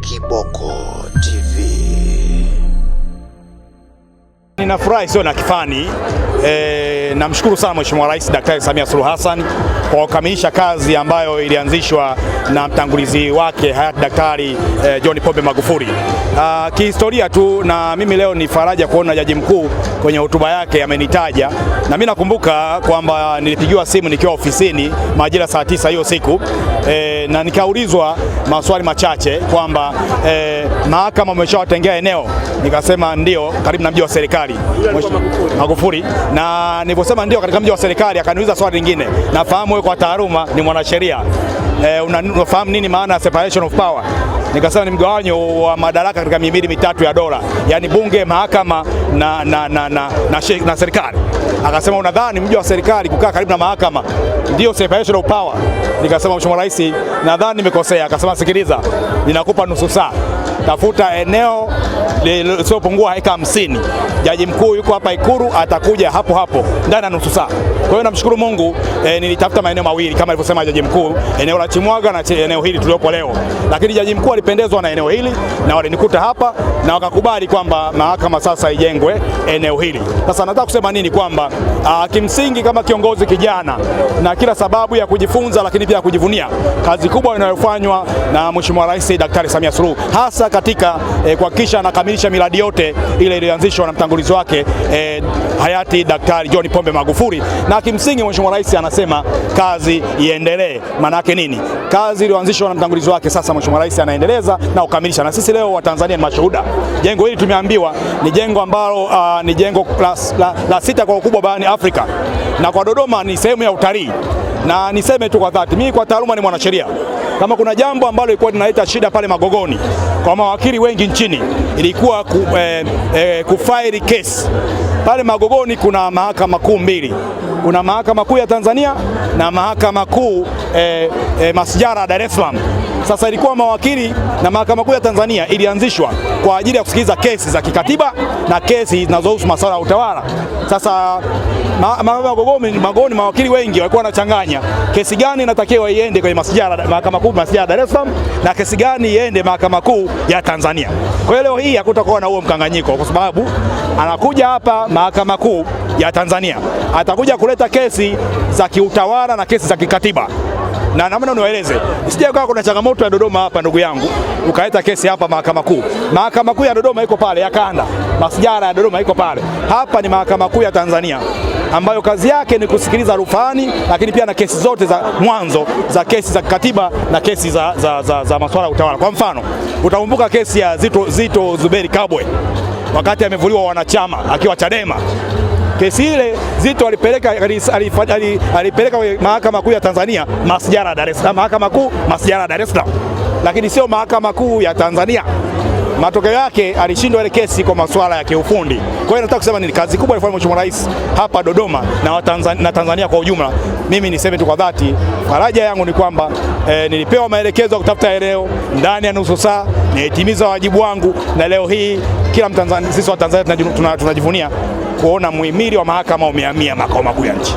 Kiboko TV. Ninafurahi sio na kifani eh, namshukuru sana Mheshimiwa Rais Daktari Samia Suluhu Hassan kwa kukamilisha kazi ambayo ilianzishwa na mtangulizi wake hayati Daktari e, John Pombe Magufuli. Ah, kihistoria tu na mimi leo ni faraja kuona jaji mkuu kwenye hotuba yake amenitaja na mimi nakumbuka kwamba nilipigiwa simu nikiwa ofisini majira saa tisa hiyo siku e, na nikaulizwa maswali machache kwamba e, mahakama umeshawatengea eneo, nikasema ndio, karibu na mji wa serikali Magufuli na Niliposema ndio katika mji wa serikali, akaniuliza swali lingine, nafahamu wewe kwa taaluma ni mwanasheria e, unafahamu nini maana ya separation of power? Nikasema ni mgawanyo wa madaraka katika mihimili mitatu ya dola, yaani bunge, mahakama na, na, na, na, na, na serikali. Akasema unadhani mji wa serikali kukaa karibu na mahakama ndio separation of power? Nikasema Mheshimiwa Rais, nadhani nimekosea. Akasema sikiliza, ninakupa nusu saa, tafuta eneo lisiopungua dakika 50. Jaji mkuu yuko hapa ikuru atakuja hapo hapo ndani ya nusu saa. Kwa hiyo namshukuru Mungu e, nilitafuta maeneo mawili kama alivyosema jaji mkuu, eneo la Chimwaga na eneo hili tuliopo leo, lakini jaji mkuu alipendezwa na eneo hili na walinikuta hapa na wakakubali kwamba mahakama sasa ijengwe eneo hili. Sasa nataka kusema nini? Kwamba aa, ah, kimsingi kama kiongozi kijana na kila sababu ya kujifunza, lakini pia kujivunia kazi kubwa inayofanywa na Mheshimiwa Rais Daktari Samia Suluhu, hasa katika e, kuhakikisha anakamilisha miradi yote ile iliyoanzishwa na mtangulizi wake e, hayati Daktari John Pombe Magufuli na na kimsingi Mheshimiwa Rais anasema kazi iendelee. Maana yake nini? Kazi iliyoanzishwa na mtangulizi wake sasa Mheshimiwa Rais anaendeleza na kukamilisha, na sisi leo Watanzania ni mashuhuda. Jengo hili tumeambiwa ni jengo ambalo uh, ni jengo la, la, la sita kwa ukubwa barani Afrika na kwa Dodoma ni sehemu ya utalii, na niseme tu kwa dhati, mimi kwa taaluma ni mwanasheria kama kuna jambo ambalo ilikuwa linaleta shida pale Magogoni kwa mawakili wengi nchini ilikuwa ku, eh, eh, kufaili kesi pale Magogoni kuna mahakama kuu mbili, kuna mahakama kuu ya Tanzania na mahakama kuu eh, eh, masijara Dar es Salaam. Sasa ilikuwa mawakili na mahakama kuu ya Tanzania ilianzishwa kwa ajili ya kusikiliza kesi za kikatiba na kesi zinazohusu masuala ya utawala. Sasa magoni mawakili wengi walikuwa wanachanganya kesi gani inatakiwa iende kwenye mahakama kuu masijara Dar es Salaam na kesi gani iende mahakama kuu ya Tanzania. Kwa hiyo leo hii hakutakuwa na huo mkanganyiko, kwa sababu anakuja hapa mahakama kuu ya Tanzania, atakuja kuleta kesi za kiutawala na kesi za kikatiba na namna niwaeleze, sije kwa kuna changamoto ya Dodoma hapa, ndugu yangu, ukaleta kesi hapa mahakama kuu. Mahakama kuu ya Dodoma iko pale ya kanda, masijara ya Dodoma iko pale. Hapa ni mahakama kuu ya Tanzania ambayo kazi yake ni kusikiliza rufani, lakini pia na kesi zote za mwanzo za kesi za kikatiba na kesi za, za, za, za masuala ya utawala. Kwa mfano utakumbuka kesi ya Zito, Zito Zuberi Kabwe wakati amevuliwa wanachama akiwa Chadema. Kesi ile Zito alipeleka, alipeleka kwenye mahakama kuu ya Tanzania masijara Dar es Salaam, mahakama kuu masijara Dar es Salaam, lakini sio mahakama kuu ya Tanzania matokeo yake alishindwa ile kesi kwa masuala ya kiufundi. Kwa hiyo nataka kusema ni kazi kubwa alifanya Mheshimiwa Rais hapa Dodoma na Tanzania, na Tanzania kwa ujumla. Mimi niseme tu kwa dhati, faraja yangu ni kwamba eh, nilipewa maelekezo ya kutafuta eneo ndani ya nusu saa, nitimiza wajibu wangu, na leo hii kila Mtanzania, sisi wa Tanzania tunajivunia kuona muhimili wa mahakama umehamia makao makuu ya nchi.